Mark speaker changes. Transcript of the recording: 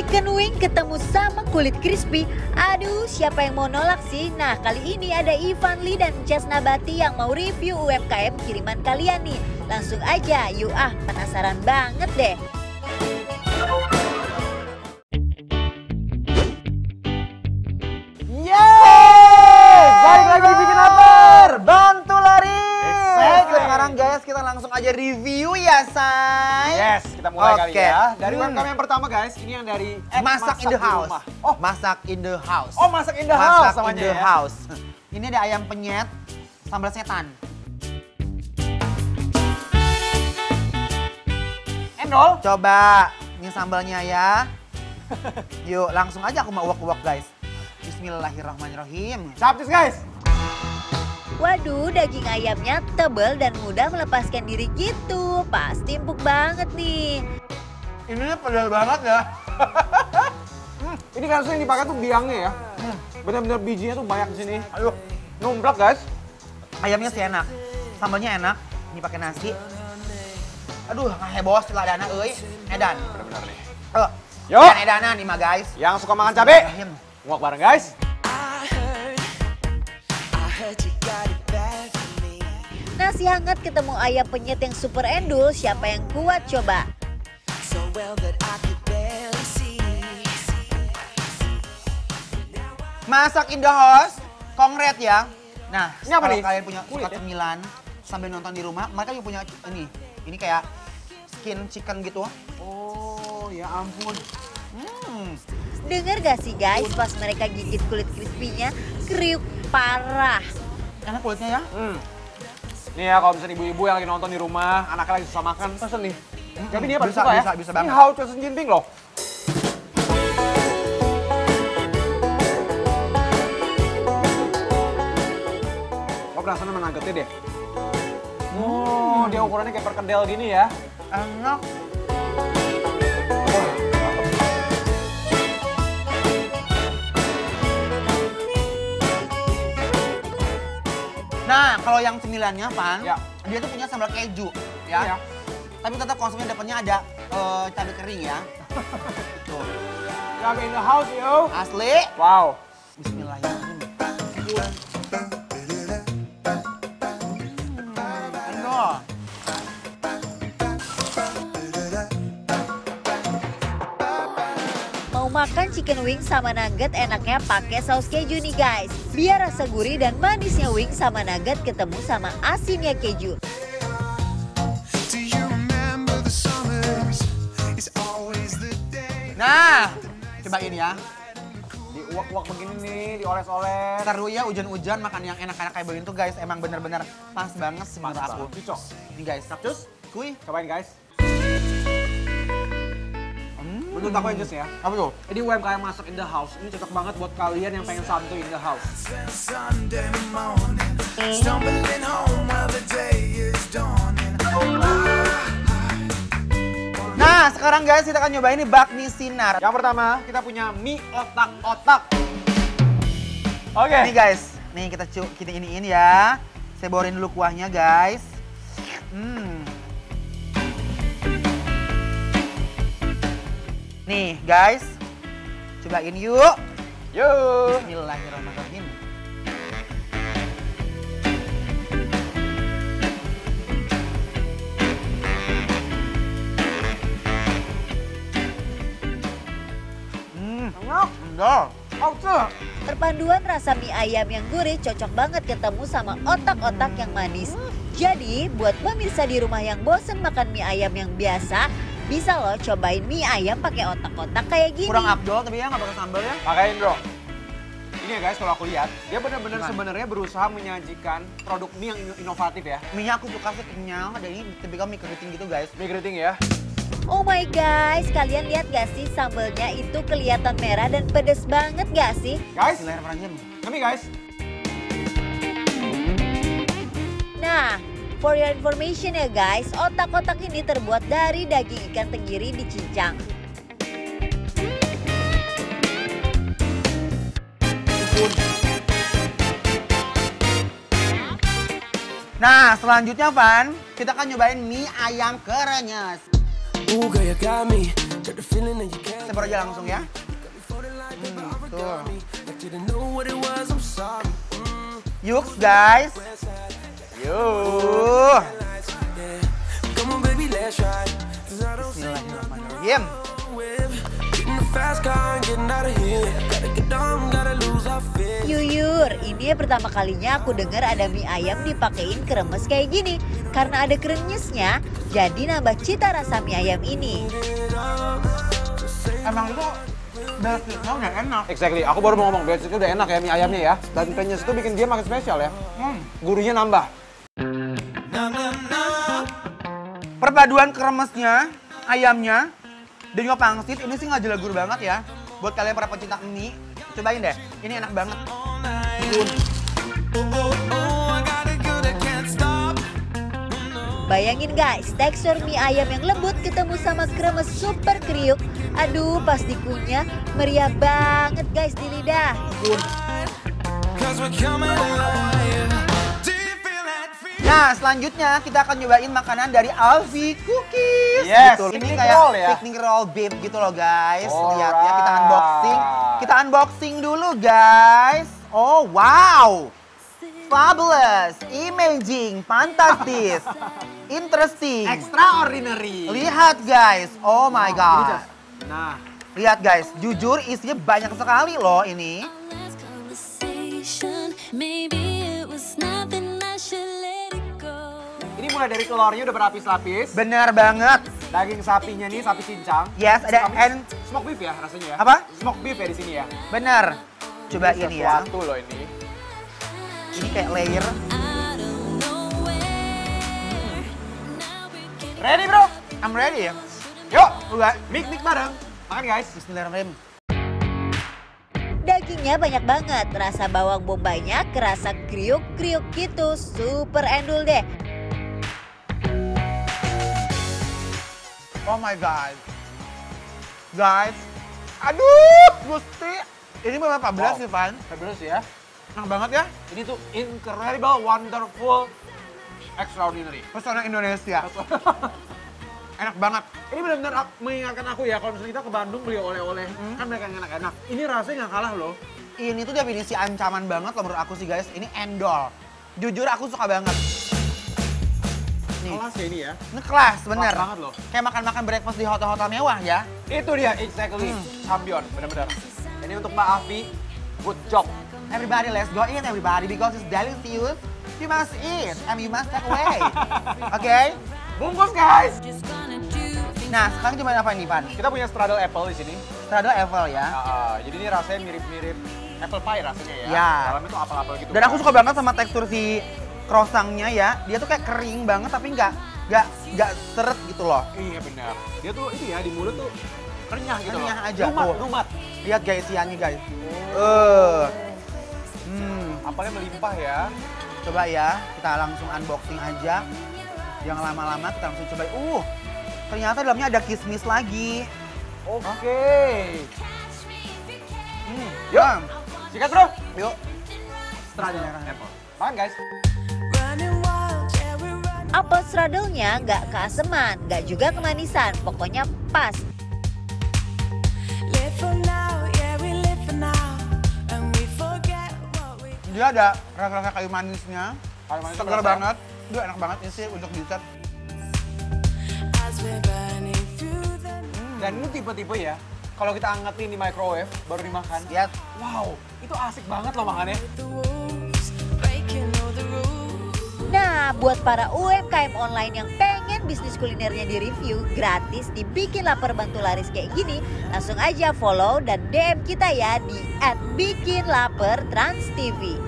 Speaker 1: Chicken wing ketemu sama kulit crispy. Aduh, siapa yang mau nolak sih? Nah, kali ini ada Ivan Lee dan Jess Nabati yang mau review UMKM kiriman kalian nih. Langsung aja, yuk ah penasaran banget deh.
Speaker 2: Sekarang guys, kita langsung aja review ya, San kita mulai okay. kali ya. Dari hmm. webcam yang pertama guys, ini yang dari masak, masak in the house. Oh, masak in the house. Oh, masak in the masak house Masak in the ya? house. Ini ada ayam penyet, sambal setan. Endol. Coba ini sambalnya ya.
Speaker 1: Yuk, langsung aja aku mau uak-uak guys. Bismillahirrahmanirrahim. Capcus guys. Waduh, daging ayamnya tebal dan mudah melepaskan diri gitu. Pasti empuk banget nih. Ini pedas banget ya. hmm.
Speaker 2: Ini kan yang dipakai tuh biangnya ya. Hmm. benar bener bijinya tuh banyak di sini. Aduh, numplak guys. Ayamnya sih enak. Sambalnya enak. Ini pakai nasi. Aduh, heboh setelah dana euy. Edan. Benar-benar nih. Oh, Yo. Edan edanan nih mah guys. Yang suka makan cabai. muak bareng guys.
Speaker 1: Nasi hangat ketemu ayam penyet yang super endul, siapa yang kuat coba? Masak in the house, kongret
Speaker 2: ya. Nah, ini apa kalau nih? kalian punya Kulit, suka ya? cemilan ya? sambil nonton di rumah, mereka juga punya ini.
Speaker 1: Ini kayak skin chicken gitu. Oh, ya ampun. Hmm. Dengar gak sih guys, pas mereka gigit kulit crispy-nya, kriuk parah. Enak kulitnya ya?
Speaker 2: Hmm. Nih ya kalau misalnya ibu-ibu yang lagi nonton di rumah, anaknya lagi susah makan, pesen nih. Tapi ini apa bisa, suka bisa, ya. Bisa, bisa Ini how to Jinping loh. Kok penasaran sama deh? Oh, dia ukurannya kayak perkedel gini ya. Enak. Nah, kalau yang cemilannya, Pan, ya. dia tuh punya sambal keju, ya. ya. Tapi tetap konsumen depannya ada uh, eh, cabai kering ya. Tuh. Gitu. Cabai in the house, yo. Asli. Wow. Bismillahirrahmanirrahim.
Speaker 1: makan chicken wing sama nugget enaknya pakai saus keju nih guys. Biar rasa gurih dan manisnya wing sama nugget ketemu sama asinnya keju. Nah,
Speaker 2: coba ini ya. Diuak-uak begini nih, dioles-oles. Seru ya hujan-hujan makan yang enak-enak kayak begini tuh guys. Emang bener-bener pas banget semangat aku. Cucok. Ini guys, terus, kui. Cobain guys. Menurut aku aja sih ya. Apa tuh? Ini UMKM Master in the House. Ini cocok banget buat kalian yang pengen santuy in the house. Nah, sekarang guys kita akan nyobain ini bakmi sinar. Yang pertama, kita punya mie otak-otak. Oke. Okay. Nih guys, nih kita cuk kita ini ya. Saya borin dulu kuahnya guys. Hmm, Nih guys, cobain yuk. Yuk. Bismillahirrahmanirrahim.
Speaker 1: Hmm, Perpaduan rasa mie ayam yang gurih cocok banget ketemu sama otak-otak yang manis. Hmm. Jadi, buat pemirsa di rumah yang bosen makan mie ayam yang biasa, bisa loh cobain mie ayam pakai otak-otak kayak gini. Kurang abdol tapi ya nggak pakai sambal ya. Pakaiin bro.
Speaker 2: Ini ya guys kalau aku lihat, dia benar-benar sebenarnya berusaha menyajikan produk mie yang inovatif ya. Mie nya aku suka sih kenyal, ada ini tipikal mie keriting gitu guys. Mie keriting ya.
Speaker 1: Oh my guys, kalian lihat gak sih sambelnya itu kelihatan merah dan pedes banget gak sih? Guys, leher Perancis. Kami guys. Nah, For your information ya guys, otak-otak ini terbuat dari daging ikan tenggiri di cincang.
Speaker 2: Nah, selanjutnya Van, kita akan nyobain mie ayam kerenyes. Sebar aja langsung ya. Hmm, tuh. Mm. Yuk, guys, Yo. Bismillahirrahmanirrahim.
Speaker 1: Yuyur, ini pertama kalinya aku dengar ada mie ayam dipakein kremes kayak gini. Karena ada krenyesnya, jadi nambah cita rasa mie ayam ini. Emang itu
Speaker 2: basicnya udah enak. Exactly, aku baru mau ngomong basicnya udah enak ya mie ayamnya ya. Dan krenyes itu bikin dia makin spesial ya. Hmm. Gurunya nambah. Perpaduan kremesnya, ayamnya, dan juga pangsit. Ini sih nggak jelas jelagur banget ya. Buat kalian para pecinta mie, cobain deh. Ini enak banget.
Speaker 1: Bayangin guys, tekstur mie ayam yang lembut ketemu sama kremes super kriuk. Aduh, pas dikunyah meriah banget guys di lidah.
Speaker 2: Nah, selanjutnya kita akan nyobain makanan dari Alfi Cookies. Yes, gitu. ini kayak roll ya? picnic roll beef gitu loh guys. Alright. Lihat ya, kita unboxing. Kita unboxing dulu guys. Oh, wow. Fabulous, amazing, fantastis, interesting. Extraordinary. Lihat guys, oh my god. Nah, lihat guys, jujur isinya banyak sekali loh ini. Maybe mulai dari telurnya udah berlapis-lapis. Bener banget. Daging sapinya nih sapi cincang. Yes, ada sapi, and smoke beef ya rasanya ya. Apa? Smoke beef ya di sini ya. Bener. Coba ini, ini ya. Satu loh ini. Ini kayak layer.
Speaker 1: Ready bro? I'm ready. Ya. Yuk, buat mik-mik bareng. Makan guys. Bismillahirrahmanirrahim. Dagingnya banyak banget, rasa bawang bombaynya kerasa kriuk-kriuk gitu, super endul deh. Oh my God. Guys.
Speaker 2: Aduh, Gusti. Ini berapa? 14 wow. sih, Van? 14 ya. Enak banget ya. Ini tuh incredible, wonderful, extraordinary. Pesona Indonesia. enak banget. Ini benar-benar mengingatkan aku ya, kalau misalnya kita ke Bandung beli oleh-oleh, hmm. kan mereka yang enak-enak. Ini rasanya nggak kalah loh. Ini tuh definisi ancaman banget loh menurut aku sih guys. Ini endol. Jujur aku suka banget nih. Kelas ya ini ya? kelas, bener. Kelas banget loh. Kayak makan-makan breakfast di hotel-hotel mewah ya. Itu dia, exactly. Hmm. Champion, bener-bener. Ini untuk Pak Afi, good job. Everybody, let's go in everybody because it's delicious. You must eat and you must take away. Oke? Okay? Bungkus guys! Nah, sekarang cuma apa ini Pan? Kita punya straddle apple di sini. Straddle apple ya? Uh, jadi ini rasanya mirip-mirip apple pie rasanya ya. Ya. Dalam itu apel-apel gitu. Dan aku suka banget sama tekstur si krosangnya ya, dia tuh kayak kering banget tapi nggak nggak nggak seret gitu loh. Iya benar. Dia tuh ini ya di mulut tuh renyah gitu. Renyah loh. aja. Lumat, oh. lumat. Lihat guys siangnya guys. Oh. Eh. Oh. Uh. Hmm. Apalnya melimpah ya. Coba ya, kita langsung unboxing aja. Jangan lama-lama, kita langsung coba. Uh, ternyata dalamnya ada kismis lagi. Oke. Okay. Hmm. Yuk, sikat bro. Yuk. Setelah
Speaker 1: Apple. Makan guys apple strudel-nya nggak keaseman, nggak juga kemanisan, pokoknya pas. Dia ada
Speaker 2: rasa-rasa kayu manisnya,
Speaker 1: kayu manis segar banget,
Speaker 2: itu enak banget ini sih untuk dessert. Dan ini tipe-tipe ya, kalau kita angetin di microwave baru dimakan. lihat, Wow, itu asik banget loh makannya.
Speaker 1: Buat para UMKM online yang pengen bisnis kulinernya direview gratis dibikin lapar bantu laris kayak gini, langsung aja follow dan DM kita ya di @bikinlapertransTV.